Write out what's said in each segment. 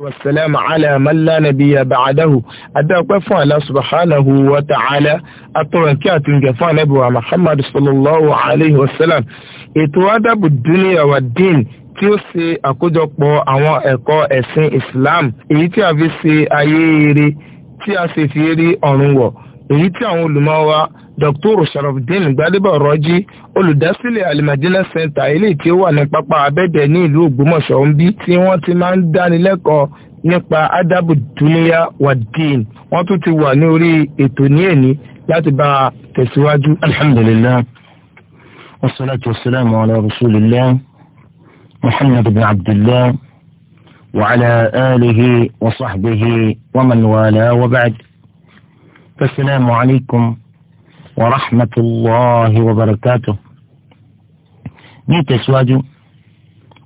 والسلام على من لا نبي بعده أدوك فعلا سبحانه وتعالى أتركات الجفاء نبوة محمد صلى الله عليه وسلم إتوادب الدنيا والدين tí ó ṣe àkójọpọ̀ àwọn ẹ̀kọ́ ẹ̀sìn Islam èyí tí a fi ṣe ayé eré tí a sì fi rí ọ̀run wọ̀ èyí tí àwọn olùmọ̀ wa dr sharafdin gbadebo rọjí olùdásílẹ̀ alimadina center eléyìí tí ó wà ní pápá abẹ́dẹ̀ ní ìlú ògbómọ̀ṣọ́ ń bí tí wọ́n ti máa ń dánilẹ́kọ̀ọ́ nípa adabu duniya wadin wọ́n tún ti wà ní orí ètò ní èní láti bá a tẹ̀síwájú. alhamdulillah wasalaatu wasalaamu ala rasulillah muhammad bin abdullah wa ala alihi wa sahbihi wa man wa ba'd. السلام عليكم ورحمة الله وبركاته نيتسواجو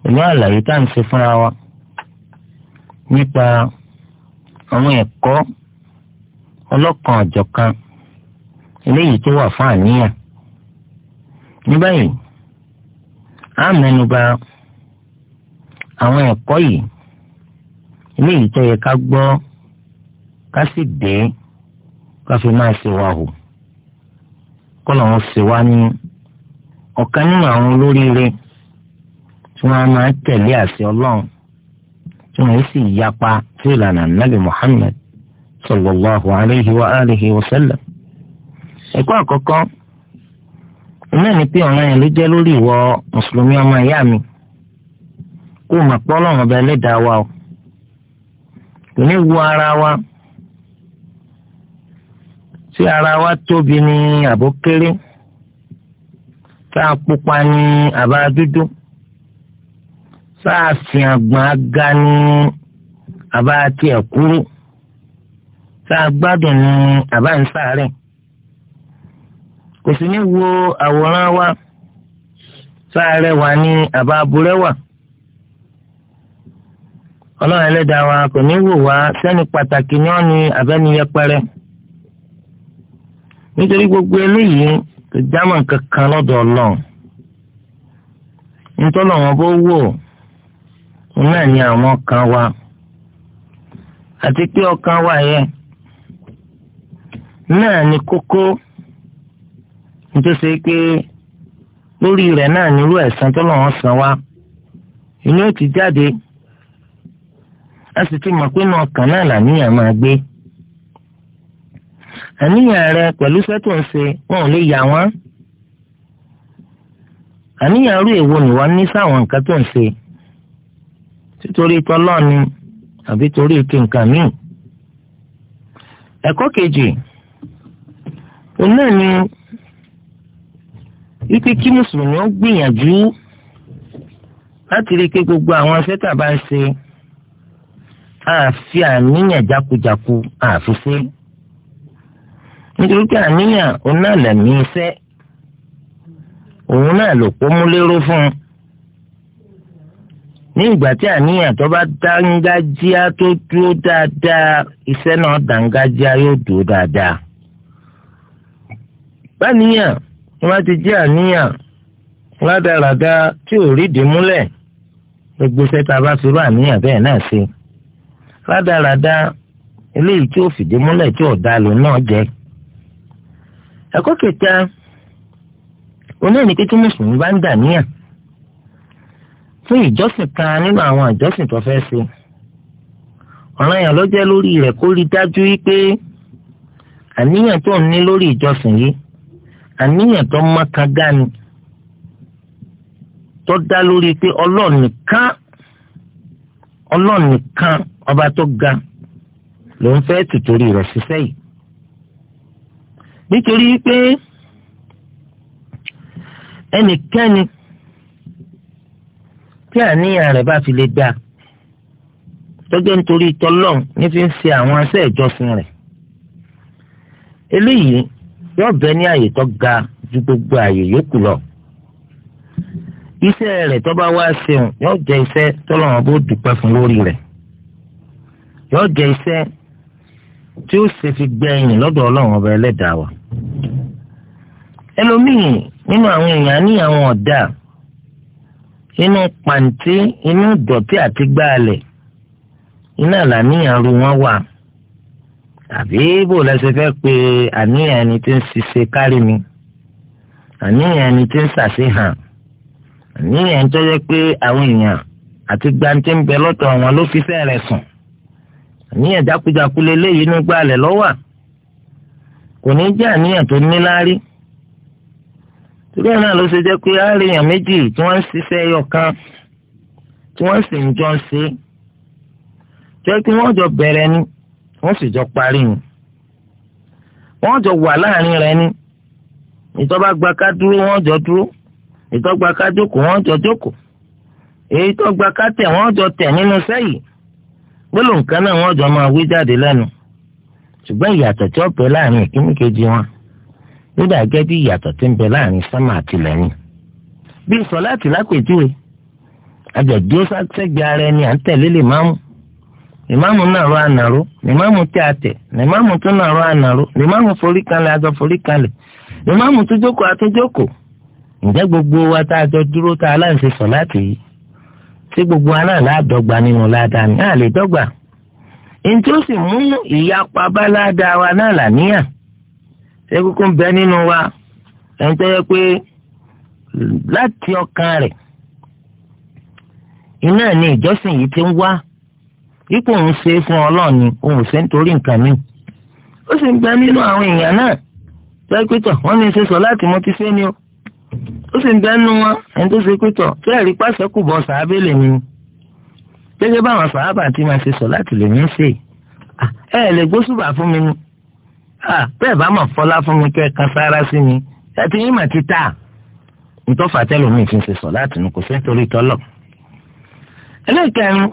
لا لا يتانسي فراوة nípa àwọn ẹ̀kọ́ ọlọ́kan ọ̀jọ̀kan eléyìí tó wà fún àníyàn. ní báyìí a mẹ́nuba àwọn ẹ̀kọ́ yìí eléyìí tó yẹ ká gbọ́ ká sì dé káfí máa ṣe wa hù kọ́ làwọn ṣe wá ní ọ̀kan nínú àwọn olóríire tí wọ́n máa tẹ̀lé àṣẹ ọlọ́run tí wọ́n sì yapa sí ìlànà nàbì Muhammad sallallahu alayhi wa alihi wa sallam. ẹ̀kọ́ àkọ́kọ́ náà ni pé ọ̀ràn jẹ́ lórí ìwọ mùsùlùmí ọmọ ìyá mi kó o o kò ní ara wa. tí ara wa tóbi ní àbó kéré tá a pupa ní àbá dúdú tá a fi àgbọn aga ní àbá tiẹ̀ kúrú tá a gbádùn ní àbá ń kò sì ní wo àwòrán wa sáré wa ní àbá burẹ́wà ọlọ́run ẹlẹ́dàá wa kò ní wò wá sẹ́ni pàtàkì ní ọ́ ní yẹpẹrẹ. nítorí gbogbo eléyìí kò jámà kankan lọ́dọ̀ ọlọ́run nítorí àwọn bó wò náà ni àwọn kan ati àti pé ọkàn wa yẹn náà ni kókó nítorí pé lórí rẹ̀ náà nírú tó lọ́wọ́ san wa inú ó ti jáde a sì ti mọ̀ pé inú ọkàn náà làníyàn máa gbé. àníyàn rẹ pẹ̀lú sẹ́tò ń ṣe wọn ò lè yà wọ́n àníyàn rú èwo nìwọ ní sáwọn nǹkan tó ń ṣe títorí tọ́lọ́ọ̀ni àbí torí ike míì ẹ̀kọ́ kejì òun ni wípé kí mùsùlùmí ó gbìyànjú láti rí i pé gbogbo àwọn sẹ́tà bá ń ṣe àfi àníyàn jákujàku àfi ṣe. nítorí pé àníyàn òun iṣẹ́ òun náà lò pọ́ múléró fún un ní ìgbà tí àníyàn tó bá dángájíá tó dúró dáadáa iṣẹ́ náà dángájíá yóò dúró dáadáa. báníyàn wọ́n ti jẹ́ àníyàn rádaràda tí ò rídìí múlẹ̀ gbogbo iṣẹ́ tá a bá fi rú àníyàn bẹ́ẹ̀ náà ṣe rádaràda eléyìí tí ò fìdí tí ò dá lò náà jẹ́ ẹ̀kọ́ kẹta òun náà ní pé tí mùsùlùmí bá ń dà níyà fún ìjọsìn kan nínú àwọn ìjọsìn tó fẹ́ ṣe ọ̀ranyàn ló jẹ́ lórí rẹ̀ kó rí dájú wípé àníyàn tó ń ní lórí ìjọsìn yìí àníyàn tó mọ́kàn gani tó dá lórí pé Ọlọ́run nìkan ọba tó ga ló ń fẹ́ tìtorí rẹ̀ ṣiṣẹ́ yìí nítorí pé ẹnikẹ́ni tí àníyàn rẹ̀ bá fi lè dáa tọ́jọ́ nítorí tọ́lọ́n ní fi ń ṣe àwọn aṣẹ́ ìjọsìn rẹ̀ eléyìí yóò bẹ ní àyè ga ju gbogbo àyè yòókù lọ iṣẹ́ rẹ̀ tó wá ṣeun yóò jẹ́ iṣẹ́ tọ́lọ́wọ́n bó dúpẹ́ fún lórí rẹ̀ yóò jẹ́ iṣẹ́ tí ó sì fi gbẹ̀yìn lọ́dọ̀ ọlọ́run ọba ẹlẹ́dàá wa. ẹlòmíì nínú àwọn èèyàn ní àwọn ọ̀dà inú pàǹtí inú ìdọ̀tí àti gbáàlẹ̀ iná làníyàn ru wọn wà àbí bò lẹ́sẹ̀ fẹ́ pé àníyàn ẹni tí ń ṣiṣẹ́ kárí mi àníyàn ẹni tí ń ṣàṣehàn àníyàn tó yẹ pé àwọn èèyàn àti gbantí ń bẹ lọ́tọ̀ wọn ló fi fẹ́ rẹ̀ sùn àníyàn jákujáku leléyìí inú gbàlẹ̀ lọ́wọ́ kò ní jẹ́ àníyàn tó níláárí torí ẹ̀ náà ló ṣe jẹ́ pé àárẹ̀yàn méjì tí wọ́n ń ṣiṣẹ́ ẹyọ kan tí wọ́n sì ń jọ ṣe jẹ́ kí wọ́n jọ bẹ̀rẹ̀ ni wọ́n sì jọ parí ni wọ́n jọ wà láàrin rẹ̀ ni ìtọ́ba gba ká dúró wọ́n jọ dúró ìtọ́gba ká jókòó wọ́n jọ jókòó èyí tó gba ká tẹ̀ wọ́n jọ tẹ̀ nínú sẹ́yìn gbólóhùn kan náà wọ́n jọ máa wí jáde lẹ́nu ṣùgbọ́n ìyàtọ̀ tí bẹ láàrin ìkíní kejì wọn ló gẹ́gẹ́ bí ìyàtọ̀ tí ń bẹ láàrin sánmà àti lẹ́yìn. bí sọláàtì lápèjúwe àjọ̀dí ó ara ẹni à ń tẹ̀lé lè máàmù ìmáàmù náà rọ ànàró ìmáàmù ìmáàmù tó náà rọ ànàró ìmáàmù forí kanlẹ̀ àjọ forí kanlẹ̀ ìmáàmù tó jókòó àtúnjókòó ǹjẹ́ gbogbo wa tá a jọ dúró tá a láǹṣe ṣé gbogbo aná ládọ́gba nínú ládàá ni a lè dọgba ẹni tí ó sì mú ìyapa bá ládàá wa náà làníyàn ṣé kúkú ń bẹ nínú wa ẹni tó yẹ pé láti ọkàn rẹ̀ iná ni ìjọsìn yìí ti ń wá ipò òun ṣe fún ọlọ́run ni òun ṣe nítorí nǹkan mi ó sì ń bẹ nínú àwọn èèyàn náà pẹ́ pẹ́tọ̀ wọ́n ní í ṣe sọ láti mú ti ṣe ni o. ó sì ń dẹnu wọn ẹni tó ṣe pétọ̀ tó ẹ̀rí pàṣẹ kù bọ́ sàábẹ́ lèmi gẹ́gẹ́ báwọn sàábà ti máa ṣe sọ láti lèmi ṣe ẹ lè gbósùbà fún mi ni bẹ́ẹ̀ bá mọ̀ fọlá fún mi kẹ́ kan sára sí mi ẹtì yín mà ti tà ntọ́fà tẹ́lómi fi ṣe sọ láti nu kò sí nítorí tọ́lọ̀ ẹlẹ́kẹ̀rin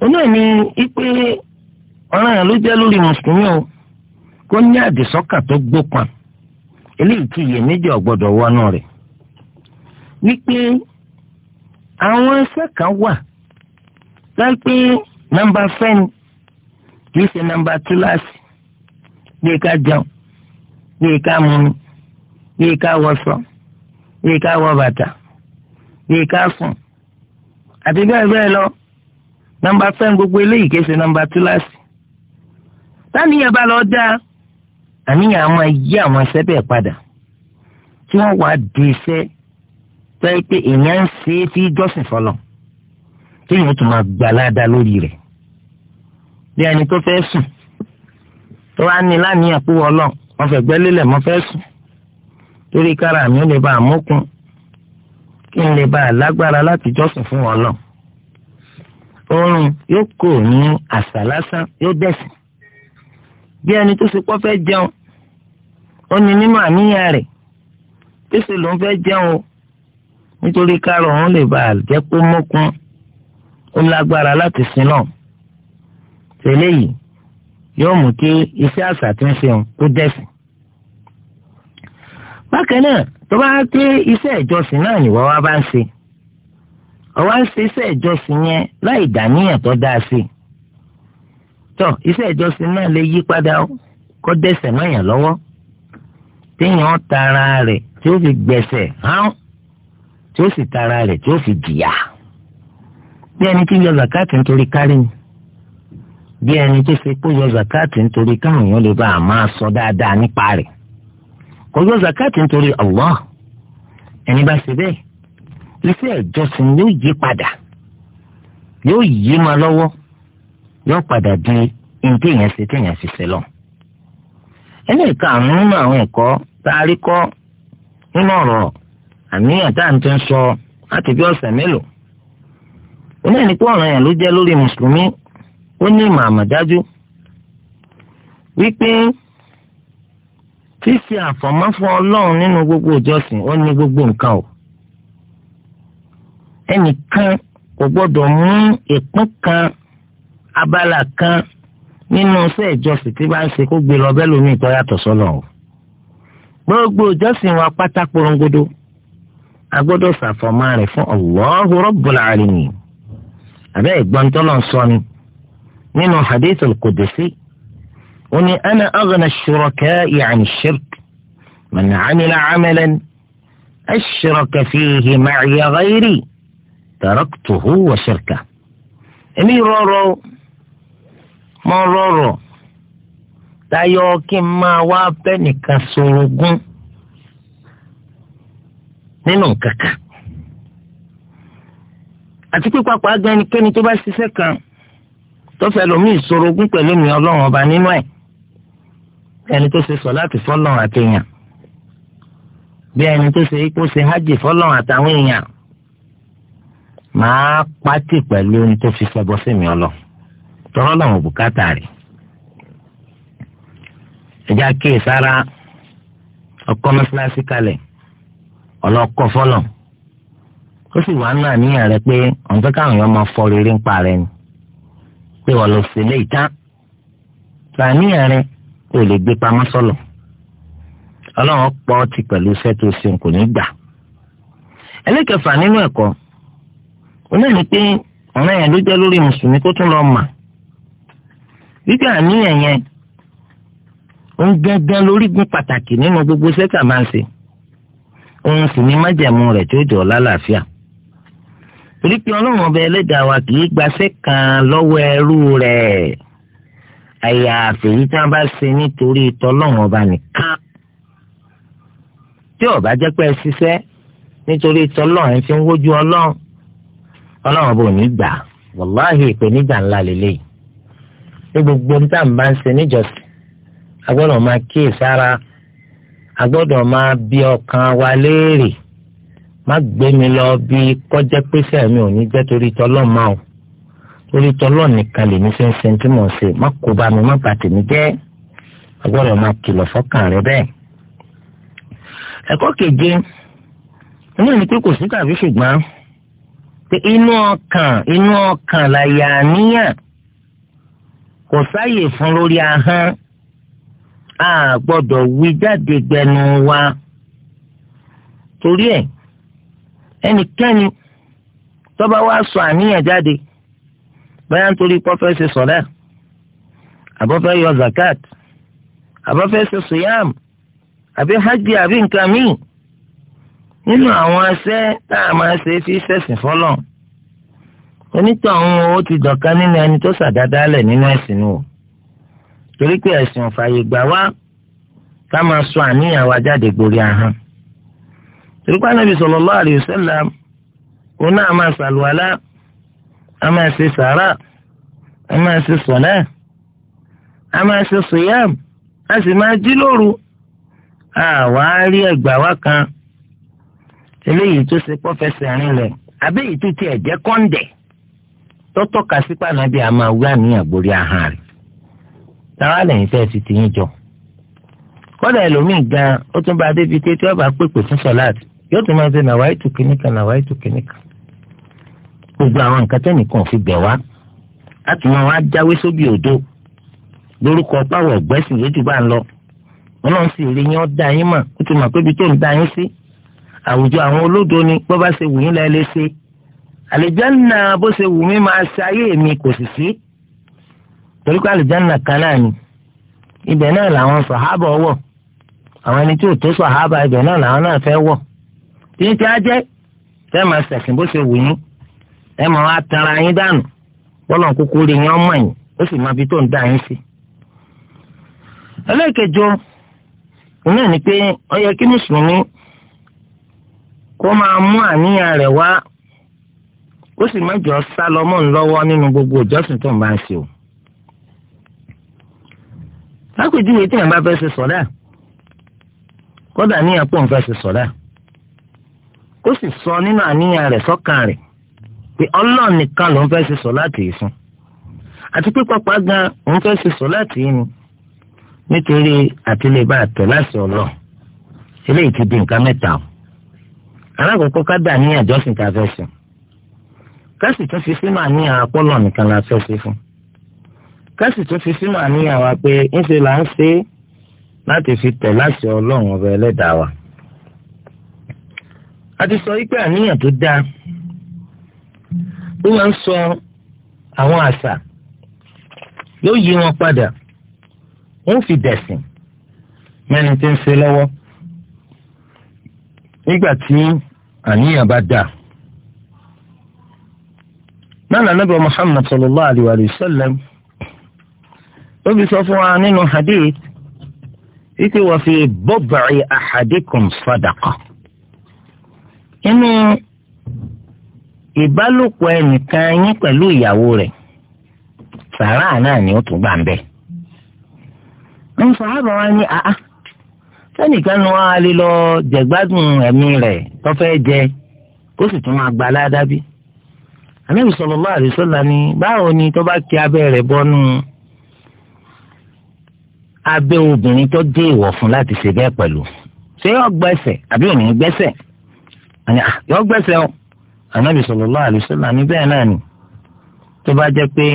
onáà ní ipe ọ̀ràn ló jẹ́ lórí mùsùlùmí o kó ní àdìsọ́kà tó gbópọn eléyìí tí iyèméjì ọ̀gbọ́dọ̀ wọnú rẹ̀ wípé àwọn ẹsẹ̀ kan wà láìpẹ́ nọ́mbà fẹ́ni kì í ṣe nọ́mbà túláàsì bí ká jẹun bí ká mumi bí ká wọṣọ bí ká wọ bàtà bí ká sùn àti bẹ́ẹ̀ bẹ́ẹ̀ lọ nọ́mbà fẹ́ni gbogbo eléyìí kì í ṣe nọ́mbà túláàsì táníyàn bá lọ dáa àníyàn á máa yí àwọn ẹsẹ̀ bẹ́ẹ̀ padà tí wọ́n wàá di iṣẹ́ sẹ́yìn pé èèyàn ń ṣe é tí jọ́sìn fọlọ̀ tí èèyàn tún máa gbàládà lórí rẹ̀ bí ẹni tó fẹ́ sùn tó wá ní láníyàn pé wọ́n lọ wọ́n fẹ́ gbẹ́ lélẹ̀ mọ́ fẹ́ sùn torí kára mi ò lè bá àmókun kí n lè bá a lágbára láti jọ́sìn fún wọn lọ. oorun yóò kò ní àṣà lásán yóò dẹ̀sìn bí ẹni tó ṣe pọ́ fẹ́ jẹun ó ní nínú àníyàn rẹ̀ pèsè ló ń fẹ́ jẹun o nítorí kárọ̀ òun lè bá jẹ́ pé mọ́kún ó lágbára láti sin náà tẹ́lẹ̀ yìí yóò mú kí iṣẹ́ àṣà tó ń ṣe òun kó dẹ̀sìn. bákan náà tó bá pé iṣẹ́ ìjọsìn náà nìwọ́ wá bá ń ṣe ọwọ́ ń ṣe iṣẹ́ ìjọsìn yẹn láì dàníyàn tó dáa sí i tọ́ iṣẹ́ ìjọsìn náà lè yí padà kó dẹ̀sẹ̀ mọ́yàn lọ́wọ́ téèyàn tara rẹ̀ tí ó fi gbẹ̀sẹ̀ hàn tí ó sì tara rẹ̀ tí ó fi jìyà bí ẹni tí yọ zakati nítorí kárí ni bí ẹni tó ṣe kó yọ zakati nítorí káwọn èèyàn lè bá a máa sọ dáadáa nípa rẹ̀ kò yọ zakati nítorí Allah ẹni bá ṣe bẹ́ẹ̀ iṣẹ́ ìjọsìn yóò yí padà yóò yí ma lọ́wọ́ yóò padà di ntí yẹn ṣe téèyàn ṣe ṣe lọ. ẹni ìka àrùn nínú àwọn ẹ̀kọ́ tá a rí kọ́ nínú ọ̀rọ̀ àníyàn tá à ń tẹ́ ń sọ láti bí ọ̀sẹ̀ mélòó oní ẹni pé ọ̀ràn yẹn ló jẹ́ lórí mùsùlùmí ó ní ìmọ̀ àmọ̀dájú wípé fífi àfọ̀mọ́ fún ọlọ́run nínú gbogbo ìjọsìn ó ní gbogbo nǹkan o ẹnìkan kò gbọ́dọ̀ mú ìpín kan abala kan nínú iṣẹ́ ìjọsìn tí bá ń ṣe kó gbé lọ bẹ́ẹ̀ lómi ìtọ́ yàtọ̀ sọ́lọ̀ o gbogbo ìjọsìn wa pátá porongodo a gbọ́dọ̀ ṣàfọ̀mọ́ rẹ̀ fún Allahu Rabbul Alamin abẹ́ ìgbọ́n tọ́lọ̀ ń sọ ni nínú hadith al kudisi ó ní ana aghna ash-shuraka'i 'an ash-shirk man 'amila 'amalan ashraka fihi màcìyà ghayri taraktuhu wa shirka. èmi rọrọ mo rọrọ tayọ kí n máa wá bẹ́ẹ̀ nìkan sorogún. nínú nǹkan àti àti pípapọ̀ gan ẹnikẹ́ni tó bá ṣiṣẹ́ kan tọ́fẹ́ lomi ogun pẹ̀lú mi ọlọ́run ọba nínú ẹ̀ ẹni tó ṣe sọ láti fọ́lọ́run àtẹ̀yàn bí ẹni tó ṣe ikú ṣe hajj fọ́lọ́run àtàwọn èèyàn pátì pẹ̀lú ẹni tó fi sí mi làwọn bùkátà rẹ̀ kalẹ̀ ọlọ́kọ fọlọ́ ó sì wá náà níyàn rẹ pé ọ̀nkẹ́ káwọn èèyàn máa fọ rere ń pa rẹ ni pé wọ́n lọ sílé ìta làníyàn rẹ kò lè gbé pamọ́ sọ́lọ̀ ọlọ́run pọ̀ ti pẹ̀lú iṣẹ́ tó ṣe kò ní gbà ẹlẹ́kẹ̀fà nínú ẹ̀kọ́ onáà ní pé ọ̀ràn yẹn ló jẹ́ lórí mùsùlùmí kó tún lọ mà wípé àníyàn yẹn ń gángan lórígun pàtàkì nínú gbogbo sẹ́tà máa ń ṣe. òun sì ní májẹ̀mú rẹ̀ tí ó jọ lálàáfíà torí pé ọlọ́run ọba ẹlẹ́dàá wa kì í gbaṣẹ́ kan lọ́wọ́ ẹrú rẹ̀ tí wọ́n bá ṣe nítorí tọ́lọ́run ọba nìkan tí ọba jẹ́ pé ẹ ṣiṣẹ́ nítorí tọ́lọ́run ń wójú ọlọ́run ọba ò ní gbà wàláhì ìpèníjà gbogbo bá ń ṣe níjọsìn a gbọ́dọ̀ máa bi ọkàn wa léèrè má gbé mi lọ bí kọjá pèsè mi ò ní jẹ́ torí tọ́lọ́ máa o torí tọ́lọ́ nìkan lè ní sẹ́nsẹ́n tí mò ń ṣe má kó bá mi má bà tèmi jẹ́ a máa kìlọ̀ fọ́kàn rẹ bẹ́ẹ̀. ẹ̀kọ́ keje inú ni pé kò sí tàbí ṣùgbọ́n pé inú ọkàn inú ọkàn làyà àníyàn kò sáàyè fún lórí ahọ́n a gbọ́dọ̀ wí jáde gbẹnu wa torí ẹ̀ ẹnikẹ́ni tó bá wá sọ àníyàn jáde báyà nítorí pọ́fẹ́ ṣe sọ̀rẹ́ àbọ̀fẹ́ yọ zakat àbọ̀fẹ́ ṣe sùyàm àbí hajj àbí nǹkan míì nínú àwọn aṣẹ́ tá a máa ṣe fi ṣẹ̀sìn fọ́lọ̀ onítọ̀hún ó ti dọ̀kan nínú ẹni tó ṣàdádálẹ̀ nínú ẹ̀sìn nù torí pé ẹ̀sìn òfààyè gbà wá ká máa sọ àníyàn wa jáde gborí ahọ́n torí pé anábì sallallahu alaihi wasallam òun náà máa ṣàlùwàlá a máa ṣe sàárà a máa ṣe sọ̀nà a máa ṣe sòyàm a sì máa jí lóru àwa rí ẹgbà wá kan eléyìí tó ṣe pọ́fẹsẹ̀ rinlẹ̀ àbẹ́yìí tó tiẹ̀ jẹ́ kọ́ńdẹ̀ tọ́tọ́ka sípànà bí a máa wí àníyàn gborí ahọ́n rẹ̀ náà lẹ́yìn tẹ́ ẹ ti tìyín jọ. kọ́dà ẹlòmíì gan ó tún bá a débi pé tí wọ́n bá pèpè fún sọ́láàtì yóò tún máa ṣe nàwáyé tù kìnìkan nàwáyé tù kìnìkan. gbogbo àwọn nǹkan tẹ́nìkan fi bẹ̀ wá láti máa wá jáwé sóbì òdo lórúkọ páwọ̀ ọ̀gbẹ́sì lójú bá ń lọ. wọn náà sì rí yín ọ́ da yín mọ̀ ó ti mọ̀ pé ibi tó ń da yín sí. àwùjọ àwọn olódo ni bó bá ṣe wù yín lẹ́ẹ́lẹ́sẹ̀ àlejò náà bó ṣe wù mí máa ṣe ayé mi kò sì sí. torí pé àlùjánnà kan náà ni ibẹ̀ náà làwọn sàhábà wọ̀ àwọn ẹni tí ò tó sàhábà ibẹ̀ náà làwọn náà fẹ́ wọ̀ títí a máa ṣẹ̀sìn bó ṣe wù yín ẹ máa wá tara yín dànù bọ́lọ̀ kúkú rí yín ọmọ yín ó sì máa fi tó ń dá yín sí. ẹlẹ́ẹ̀kẹjọ ìnáà ni pé ó yẹ kí mùsùlùmí kó máa mú àníyàn rẹ̀ wá ó sì nínú gbogbo ìjọsìn tó ń bá ń lápèjúwe tí yẹn bá fẹ́ ṣe sọ̀dá kódà pọ̀ ń fẹ́ ṣe sọ̀dá sì sọ nínú àníyàn rẹ̀ sọ́kàn rẹ̀ pé ọlọ́run nìkan ló ń fẹ́ ṣe sọ láti yìí àti pé pápá gan òun fẹ́ ṣe sọ láti yìí nítorí àtìlẹ́bà àtẹ̀ láti ọlọ́run eléyìí ti di nǹkan mẹ́ta o alákòókò ká dà ní àjọsìn tá fẹ́ ṣe ká sì la fẹ́ kásì tún fi sínú àníyàn wa pé ńṣe là ń ṣe láti fi tẹ̀ láti ọlọ́run ọba ẹlẹ́dàá wa. a ti sọ wípé àníyàn tó dáa ló máa ń sọ àwọn àṣà yóò yí wọn padà wọ́n fi dẹ̀sìn mẹ́ni tí ń ṣe lọ́wọ́ nígbà tí àníyàn bá dáa náà lànà bí Muhammad sallallahu alayhi wa sallam ó fi sọ fún wa nínú hadith wípé wà fi bọ́bàrì ahadikum sadaqa inú ìbálòpọ̀ ẹnìkan yín pẹ̀lú ìyàwó rẹ̀ sàrà náà ni ó tún gbà ń bẹ̀. ń sàábà wa ní àá sẹ́nìkan nu wa lè lọ jẹ̀gbádùn ẹ̀mí rẹ̀ tó fẹ́ jẹ kó sì tún máa gba aládàbí. àmì ìsọ̀rọ̀ àdìsọ́lá ni báwo ni tó bá kí abẹ́ rẹ̀ bọ́nú. abẹ́ obìnrin tó dé ìwọ̀ fún láti ṣe bẹ́ẹ̀ pẹ̀lú ṣé yọ gbẹ́sẹ̀ àbí òní gbẹ́sẹ̀ ah, yọ gbẹ́sẹ̀ o anabi sallallahu alaihi wasallam ní bẹ́ẹ̀ náà ni tó bá jẹ́ pé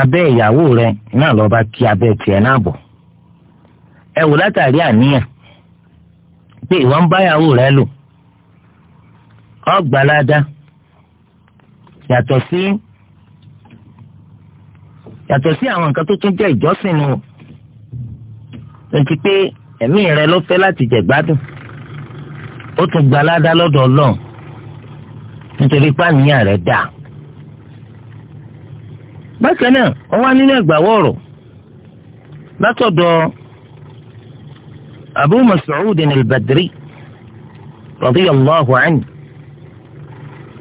abẹ́ ìyàwó rẹ náà lọ́ọ́ kí abẹ́ tiẹ̀ ẹ wò látàrí àníyàn pé ìwọ ń báyàwó rẹ lò yàtọ̀ sí yàtọ̀ sí àwọn nǹkan tó tún jẹ́ lọ́tí pé ẹ̀mí rẹ ló fẹ́ láti jẹ̀ gbádùn ó tún gba aládá lọ́dọ̀ ọlọ́run nítorí pàníyàn rẹ̀ dà. bákan náà wọ́n wá nínú ẹ̀gbàwọ́ ọ̀rọ̀ látọ̀dọ̀ abu mas'ud al-badri radiyallahu anhu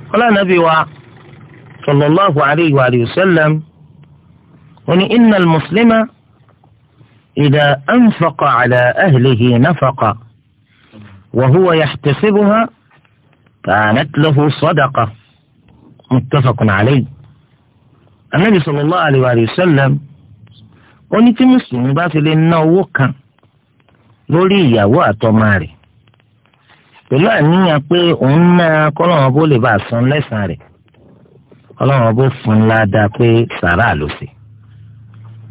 qala nabi wa sallallahu alayhi wa sallam ó ní innal muslima. إذا أنفق على أهله نفقة وهو يحتسبها كانت له صدقة متفق عليه النبي صلى الله عليه وآله وسلم oni tí mùsùlùmí bá fi lè ná owó kan lórí ìyàwó àtọmọ rẹ̀ pẹ̀lú àníyàn pé òun náà kọlọrun bó lè bá san lẹ́san rẹ̀ Ọlọ́run bó fún un ládàá pé sàrà ló ṣe.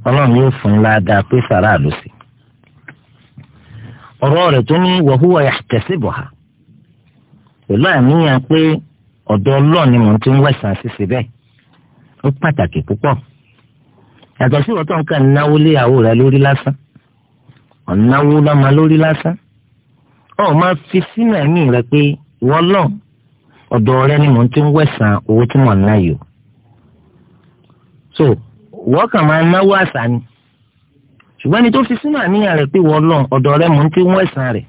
ọlọ́run yóò fún un ládàá pé sí. ọ̀rọ̀ rẹ̀ tó ní wọ̀húwọ̀ yà ha pẹ̀lú àníyàn pé ọ̀dọ̀ ọlọ́run ni mò ń ti wẹ̀sán bẹ́ẹ̀ ó pàtàkì púpọ̀ yàtọ̀ sí ìwọ́tọ̀ nǹkan náwó rẹ lórí lásán ọ̀náwó lọ́mọ lórí lásán ọ̀ máa fi sínú ẹ̀mí rẹ pé ọ̀dọ̀ rẹ ni mò ń wẹ̀sán owó tí mò ń ná yìí wọ́n kàn máa náwó àṣà ni ṣùgbọ́n ẹni tó fi sínú àníyàn rẹ̀ pé wọ́n lọ ọ̀dọ̀ rẹ̀ mò tí rẹ̀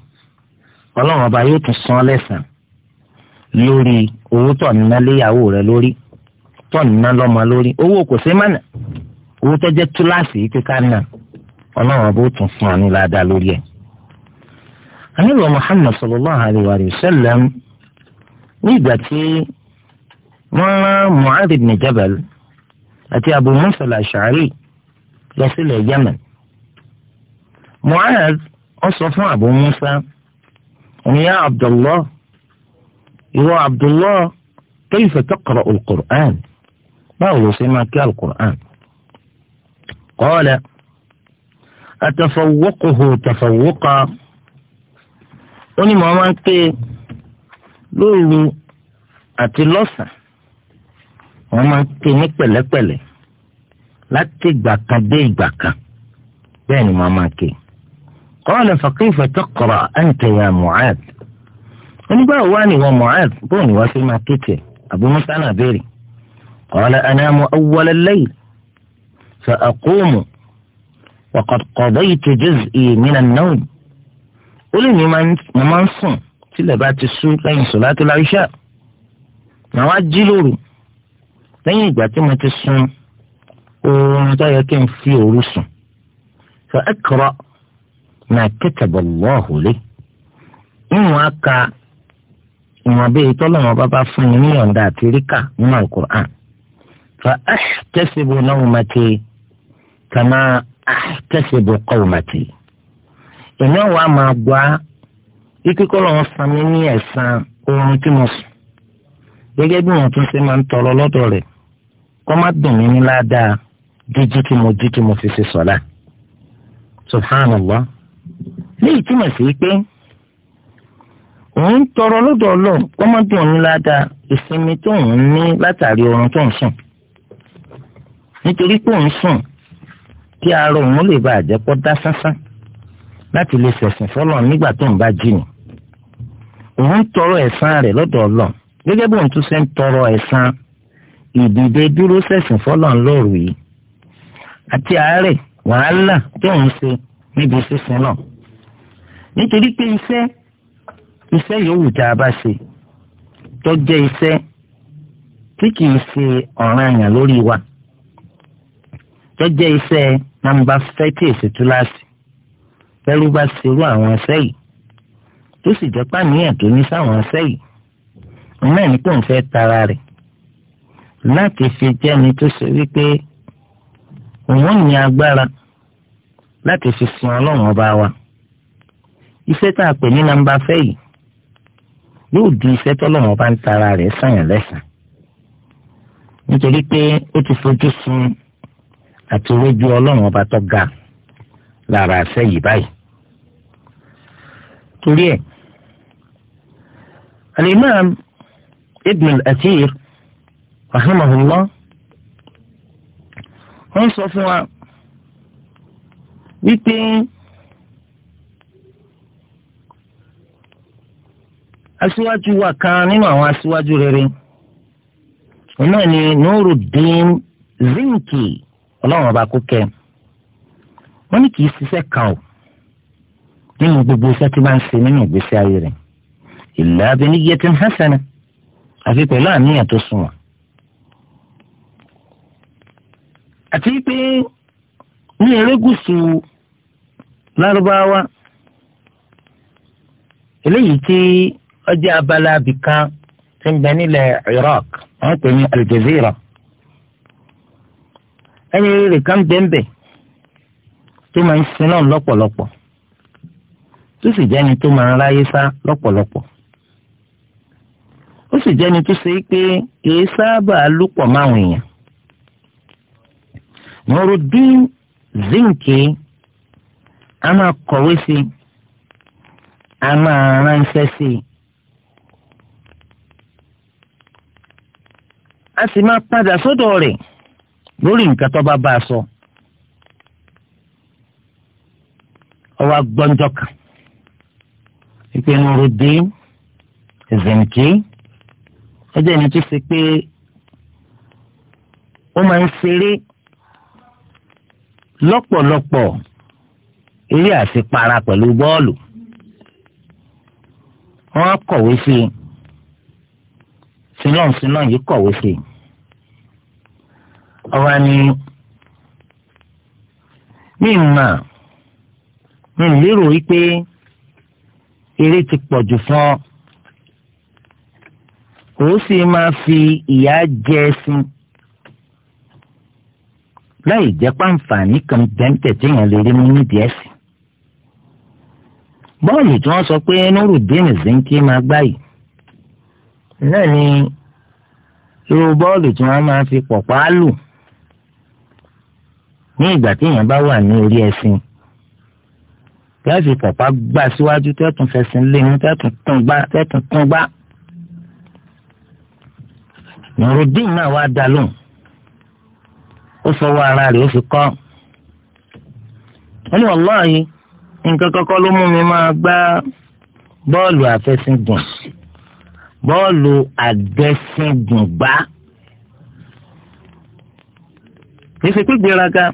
ọlọ́run ọba yóò tún san lẹ́sàn lórí owó tọ̀nínà léyàwó rẹ̀ lórí tọ̀nínà lọ́mọ lórí owó kò mánà owó tó jẹ́ túláàsì yìí tún fún àní ládàá lórí ẹ̀. anílò Muhammad sallallahu alayhi wa sallam ní àti Abu Musa al-Ash'ari lọ sílẹ̀ Yemen Mu'adh ó sọ fún Abu Musa oníyà Abdullah ìwọ Abdullah kayfa taqra'u al-Qur'an báwo ló ṣe máa kí al-Qur'an qala atafawwaquhu tafawwaqa ó ní mọ̀ máa ń ké lóru àti lọ́sàn-án. wọ́n máa ń ké ní pẹ̀lẹ́pẹ̀lẹ́ láti ìgbà kan dé ìgbà kan bẹ́ẹ̀ ni wọ́n máa ké. qala faqifa taqra anta ya Mu'ad onígbàwọ̀ wá ní wọn Mu'ad bóun ni wọ́n fi máa ké tiẹ̀ Abu Musa náà béèrè qala anamu awwal al-layl fa aqumu wa qad qadaytu juz'i min an-nawm ó lè ní mo máa ń sùn tílẹ̀ bá ti sú lẹ́yìn sọ̀látù láìṣà màá wá jí lóru lẹ́yìn ìgbà tí mo ti sun oorun tó yẹ kí n fi òru sùn fa iqra ma kataba Allahu li nínú aka ìwọ̀n bẹ́ẹ̀ tọ́lọ́mọ bàbá fún mi ní àti ríkà nínú alukur'an fa kama ahtasibu èmi fún mi ní oorun tí mo sùn bí tún ṣe máa kọ́ má dùn mí ní ládàá jíjí tí mo jí tí mo fi ṣe sọ̀lá subhanallah léyìí túmọ̀ sí pé òun tọrọ lọ́dọ̀ ọlọ́run kọ́ má dùn mí ládàá ìsinmi tó ń ní látàrí oorun tó ń sùn nítorí pé òun sùn kí ara òun lè bá àjẹpọ̀ dá sánsán láti lè ṣẹ̀sìn fọlọ́ nígbà tó ń bá jí ni òun tọrọ ẹ̀san rẹ̀ lọ́dọ̀ ọlọ́run gẹ́gẹ́ bí òun tún ṣe ń tọrọ ẹ̀san ìdìde dúró ṣẹ̀sìn fọ́lọ́n lóru yìí àti àárẹ̀ wàhálà tó ń ṣe níbi sísin náà nítorí pé iṣẹ́ iṣẹ́ yòówù tá a bá ṣe tó jẹ́ iṣẹ́ tí kìí ṣe ọ̀ranyàn lórí wa tó jẹ́ iṣẹ́ nàmbà fẹ́tì ìṣètúláṣì pẹ̀lú bá ṣerú àwọn iṣẹ́ yìí tó sì jẹ́ pàníyàn tó ní sáwọn iṣẹ́ yìí náà ní kò ń fẹ́ tara rẹ̀ láti fi jẹ́ni tó ṣe wípé òun ní agbára láti fi sin ọlọ́run ọba wa iṣẹ́ tá a pè ní nàmbà fẹ́ yìí yóò di iṣẹ́ tọ́lọ́run ọba ń tara rẹ̀ sàyàn lẹ́sàn nítorí pé ó ti fojú sun àti orójú ọlọ́run ọba tó ga lára àṣẹ yìí báyìí torí ẹ̀ Al-Imam Ibn al-Athir rahimahullah wọ́n sọ fún wa wípé aṣíwájú wa kan nínú àwọn aṣíwájú rere òun náà ni Nuruddin Zinki ọlọ́run ọba kó kẹ́ wọ́n ní kì í ṣiṣẹ́ kan o nínú gbogbo iṣẹ́ tí máa ṣe nínú ìgbésí ayé rẹ̀ illa bi niyyatin hasana àfi pẹ̀lú àníyàn tó sunwọ̀n àti pé ní erégùsù lárúbáwá eléyìí tí ọjà abala abìkan ti ń bẹ nílẹ̀ Iraq wọ́n pè ní Aljazeera ẹni rere kan bẹ́ẹ̀nbẹ́ tó máa ń sin náà lọ́pọ̀lọpọ̀ tó sì jẹ́ni tó máa ń ráyé sá lọ́pọ̀lọpọ̀ ó sì jẹ́ni tó ṣe é pé kì í sábà lúpọ̀ máwùn nurudin zinke a máa kọ̀wé sí i a máa ránṣẹ́ sí i a sì máa padà sọ́dọ̀ rẹ̀ lórí nǹkan tó bá bá a sọ. ọwọ́ agbọ́njọ́ kan ìpè nurudin zinke ó jẹ́ ẹni tó ṣe pé ó máa ń ṣeré lọ́pọ̀lọpọ̀ eré àṣepara pẹ̀lú bọ́ọ̀lù wọ́n á kọ̀wé sí i sinọ́ọ̀ sinọ́ọ̀ yìí kọ̀wé sí i ọba ni mí mà mí lérò wípé eré ti pọ̀ jù fún ọ kò sì máa fi ìyà jẹ ẹṣin láì jẹ́ pàǹfààní kan bẹ́ńtẹ̀ téèyàn lè rí mú nídìí ẹ̀sìn. bọ́ọ̀lù tí wọ́n sọ pé Nurudeen Zinki máa gbá yìí náà ni irú bọ́ọ̀lù tí wọ́n máa fi pọ̀pá lù ní ìgbà téèyàn bá wà ní orí ẹ̀sìn tẹ́ẹ̀fì pọ̀pá gbà síwájú tẹ́ẹ̀tún fẹsìn lẹ́nu tẹ́ẹ̀tún tún gbá tẹ́ẹ̀tún tún náà wá dá lóhùn ó fọwọ́ ara rẹ̀ ó fi kọ́ wọ́n ní wàláhì nǹkan kọ́kọ́ ló mú mi máa gbá bọ́ọ̀lù àfẹsíngùn bọ́ọ̀lù àgbẹ̀síngùn gbá kìí ṣe pé gbéraga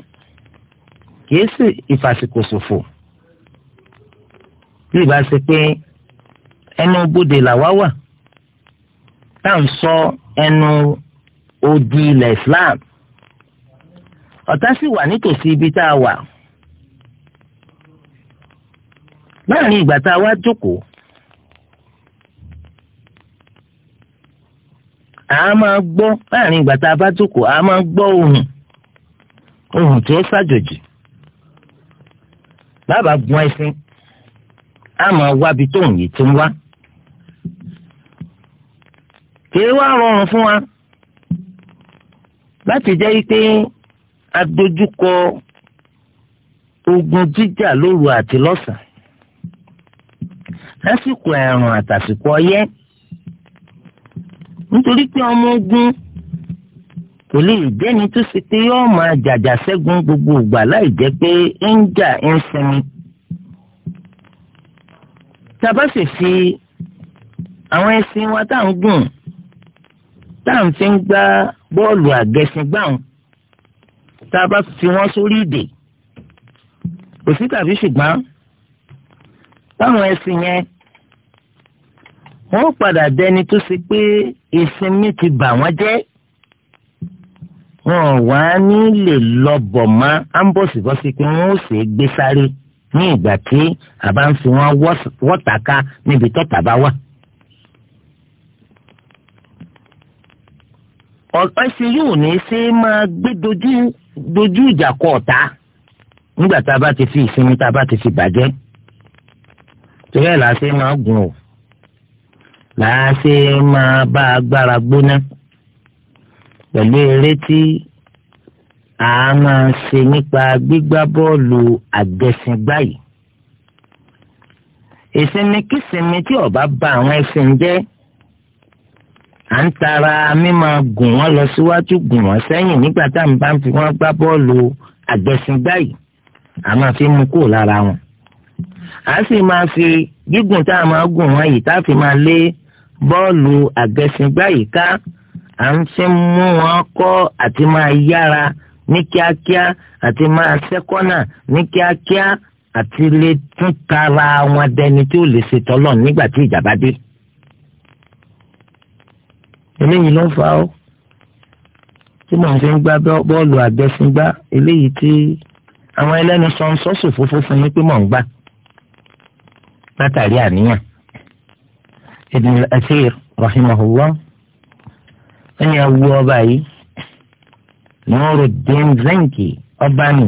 kìí ṣe ìfàsìkò ṣòfò bí ìbá ṣe pé ẹnu bodè làwa wà tá à ń sọ ẹnu odi ilẹ̀ Islam ọ̀tá sì wà nítòsí ibi tá a wà láàrin ìgbà tá a wá jókòó a máa gbọ́ láàrin ìgbà tá a bá jókòó a máa gbọ́ ohùn ohùn tí ó ṣàjòjì bàbá gun ẹṣin a máa wábi tóun yìí ti ń wá kì í rọrùn fún wa láti jẹ́ pé adójúkọ ogun jíjà lóru àti lọ́sàn-án lásìkò ẹ̀rùn àtàsìkò ọyẹ́ nítorí pé ọmọ ogun kò lè jẹ́ni tó ṣe pé yóò máa jàjà ṣẹ́gun gbogbo ìgbà láì jẹ́ pé ń jà ń sinmi. tábà fi àwọn ẹṣin wa tá à ń gùn tá à ń fi ń gbá bọ́ọ̀lù àgẹṣingbáhùn tá a bá fi wọ́n sórí ìdè kò sí tàbí ṣùgbọ́n táwọn ẹṣin yẹn wọ́n padà dẹni tó ṣe pé ìsinmi ti bà wọ́n jẹ́ wọn ò wá ní lè lọ bọ̀ mọ́ ámbọ̀sibọ́sí pé wọ́n ó sì gbé sáré ní ìgbà tí a bá ń fi wọ́n wọ́tàká níbi tọ́tà bá wà. ọ̀pẹ́ ṣe yóò ní ṣe máa gbé dojú dojú ìjà kọ ọ̀tá nígbà tá a bá ti fi ìsinmi tá a bá ti fi bàjẹ́ torí ẹ̀ là á ṣe máa gùn ò là á ṣe máa bá agbára gbóná pẹ̀lú eré tí a máa ṣe nípa gbígbá bọ́ọ̀lù àjẹsìngbá yìí ìsinmi kìsinmi tí ọba bá àwọn ẹṣin jẹ́ à ń tara mímọ gùn wọn lọ síwájú gùn wọn sẹ́yìn nígbà tá à ń bá ń fi wọn gbá bọ́ọ̀lù àgbẹ̀sìngbá yìí a máa fi mú kúrò lára wọn. a sì máa fi gígùn tá a máa gùn wọn yìí tá a fi máa lé bọ́ọ̀lù àgbẹ̀sìngbá yìí ká à ń fi mú wọn kọ́ àti máa yára ní kíákíá àti máa ṣẹ́kọ́nà ní kíákíá àti lè tún tara wọn dẹni tí ó lè ṣe tọ́lọ̀ nígbà tí ìjà bá dé eléyìí ló fà ó tí màá fi ń gbá bọ́ọ̀lù àgbẹ̀sìngbá eléyìí tí àwọn ẹlẹ́nu sọ ń sọ́sù fúfú fún mi pé mò ń gbà látàrí àníyàn Ibn al-Athir rahimahullah ẹni awu ọba yìí Nuruddin Zanki ọba nù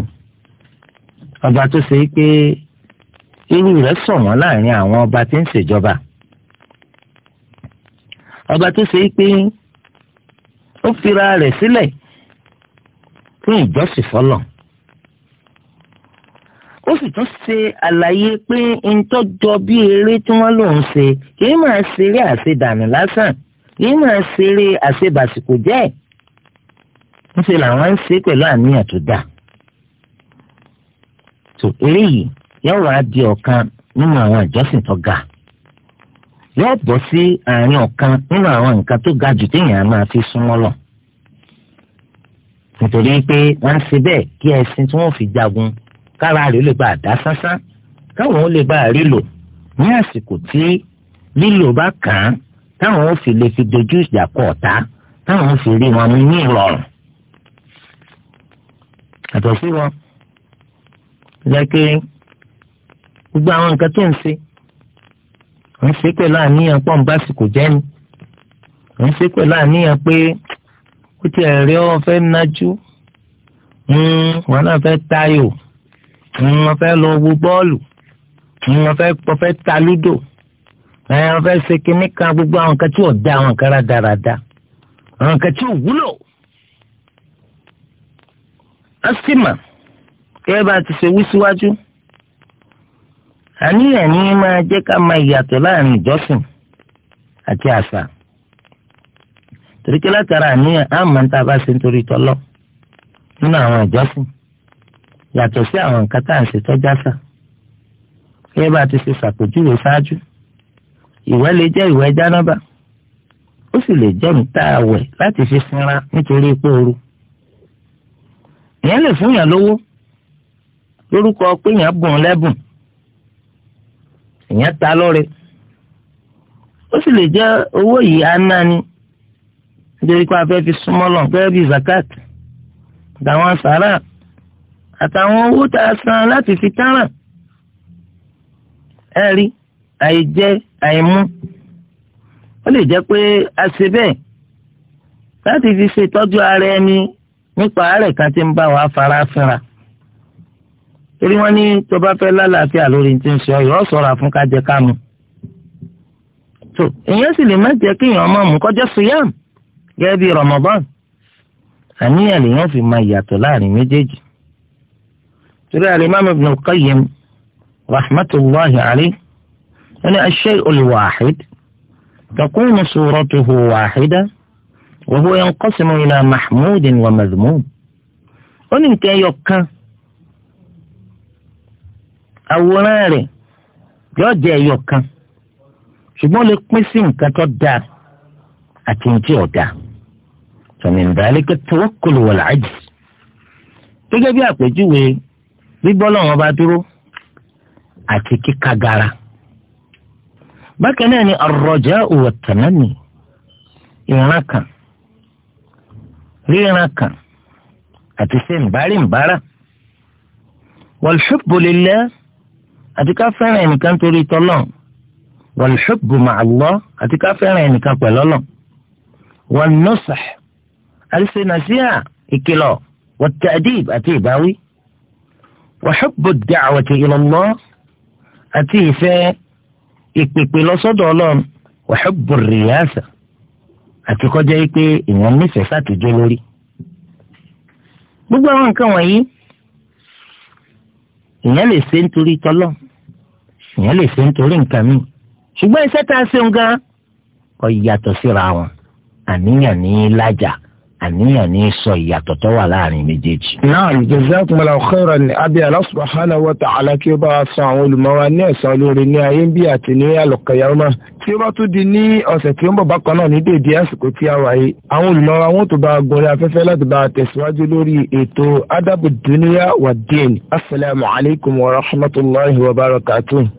ọba tó ṣe pé irú rẹ̀ sọ̀wọ́n láàrin àwọn ọba tí ń ṣèjọba ọba tó ṣe é pé ó fira rẹ̀ sílẹ̀ fún ìjọsìn fọlọ̀ ó sì tún ṣe àlàyé pé ntọ́jọ bí eré tí wọ́n lòún ṣe kìí máa ṣeré àṣedànù lásán kìí máa ṣeré àṣebàṣìkò jẹ́ ńṣe làwọn ń ṣe pẹ̀lú àníyàn tó dáa tó eré yìí yóò wá di ọ̀kan nínú àwọn ìjọsìn tó ga yóò bọ́ sí àárín ọ̀kan nínú àwọn nǹkan tó ga jù téèyàn á máa fi súnmọ́ lọ. nítorí pé wọ́n ń ṣe bẹ́ẹ̀ kí ẹṣin tí wọ́n fi jagun kára rẹ̀ lè bá a dá sánsán káwọn ó lè bá a rí lò ní àsìkò tí lílò bá kàn án táwọn ó fi lè fi dojú ìjà kọ ọ̀tá táwọn ó fi rí wọn ní ìrọ̀rùn. àtọ̀ sí gbogbo àwọn nǹkan tó ń ṣe ń ṣe pẹ̀lú àníyàn pọ̀ ń bá sìkò jẹ́ ni ń ṣe pẹ̀lú àníyàn pé ó ti ẹ̀rẹ́ ọ fẹ́ nájú hmm, wọn náà fẹ́ tayò hmm, wọn fẹ́ lọ wo bọ́ọ̀lù hmm, wọn fẹ́ pọ̀ fẹ́ ta lúdò eh, wọn fẹ́ ṣe kínní kan gbogbo àwọn kan tí ò da àwọn kan rádaràda àwọn kan tí ò wúlò sì mà kẹ́ bá ti ṣe wí síwájú. Si àníyàn ni máa jẹ́ ká máa yàtọ̀ láàrin ìjọsìn àti àṣà torí látara àníyàn á máa ń a bá ṣe nítorí tọ́lọ́ nínú àwọn ìjọsìn yàtọ̀ sí àwọn nǹkan tá à ń ṣe tọ́jàsà kí ẹ bá ti ṣe ṣàpèjúwe ṣáájú ìwẹ̀ lè jẹ́ ìwẹ̀ jánábà ó sì lè jẹ́ níta fi sinra nítorí ipò ooru ìyẹn lè fún yàn lówó lórúkọ pé yàn bùn èèyàn ta lọ́rẹ̀ ó sì lè jẹ́ owó yìí anáni nítorí pé a fẹ́ fi súnmọ́ lọ gẹ́gẹ́ bí zakat àtàwọn sàrà àtàwọn owó tá a san láti fi tárà ẹ rí àìjẹ àìmú ó lè jẹ́ pé a ṣe bẹ́ẹ̀ láti fi ṣètọ́jú ara ẹni nípa àárẹ̀ kan tí ń bá wa fara fínra torí wọ́n ní tó bá fẹ́ lálàáfíà lórí ti ń ṣe ọyọ ọsọra fún kájẹ kámu tó èèyàn sì lè má jẹ́ kéèyàn ọmọ mú kọjá suyam gẹ́gẹ́ bíi Ramadan àníyàn lèèyàn fi máa yàtọ̀ láàrin méjèèjì torí al-Imam Ibn al-Qayyim rahmatullahi alayhi wọ́n ní ash-shay'u al-wahid takunu suratuhu wahida wa huwa yanqasimu ila mahmudin wa madhmum ó ní nǹkan kan àwòrán rẹ̀ yóò jẹ́ ẹyọ kan ṣùgbọ́n lè pín sí nǹkan tó dáa àti nǹkan ò dáa tọ̀mìn dàlíkẹ́ tawakkul wal ajz gẹ́gẹ́ bí àpèjúwe bíbọ́ lọ́wọ́ bá dúró àti kíkagara bákan náà ni ar-raja'u wat ìran kan ríran kan àti ṣe ń bárí ń bára wal àti ká fẹ́ràn ẹnìkan torí tọ́lọ̀ wal hubbu ma'a Allah àti ká fẹ́ràn ẹnìkan pẹ̀lọ́lọ̀ wan nusah àìsè nàṣíà ìkìlọ̀ wat ta'dib àti ìbáwí wa hubbu da'wati ila Allah àti ìfẹ́ ìpèpè lọ́sọ́dọ̀ ọlọ́run wa hubbu riyasa àti kọjá yìí pé èèyàn nífẹ̀ẹ́ sátìjọ́ lórí. gbogbo àwọn nǹkan wọ̀nyí èèyàn lè ṣe nítorí tọ́lọ́run èèyàn lè ṣe nítorí nǹkan mi ṣùgbọ́n iṣẹ́ tá a ṣe ń gan kò yàtọ̀ síra wọn àníyàn ní lájà àníyàn ní sọ ìyàtọ̀ tó wà láàrin méjèèjì. náà jazakumullahu khairan ni abi Allah subhanahu wa ta'ala kí ó bá wa san àwọn olùmọ̀wá ní ẹ̀san olóore ní ayé ń bí àti ní àlùkàyàmá. tí ó bá tún di ní ọ̀sẹ̀ tí ó ń bọ̀ bákan náà ní dèédé àsìkò tí a wáyé àwọn olùmọ̀wá wọn tó bá gọ̀ọ́rẹ́ afẹ́fẹ́ láti bá tẹ̀síwájú lórí ètò adabu duniya wa din. asalaamualeykum wa rahmatulahi wa barakatuh.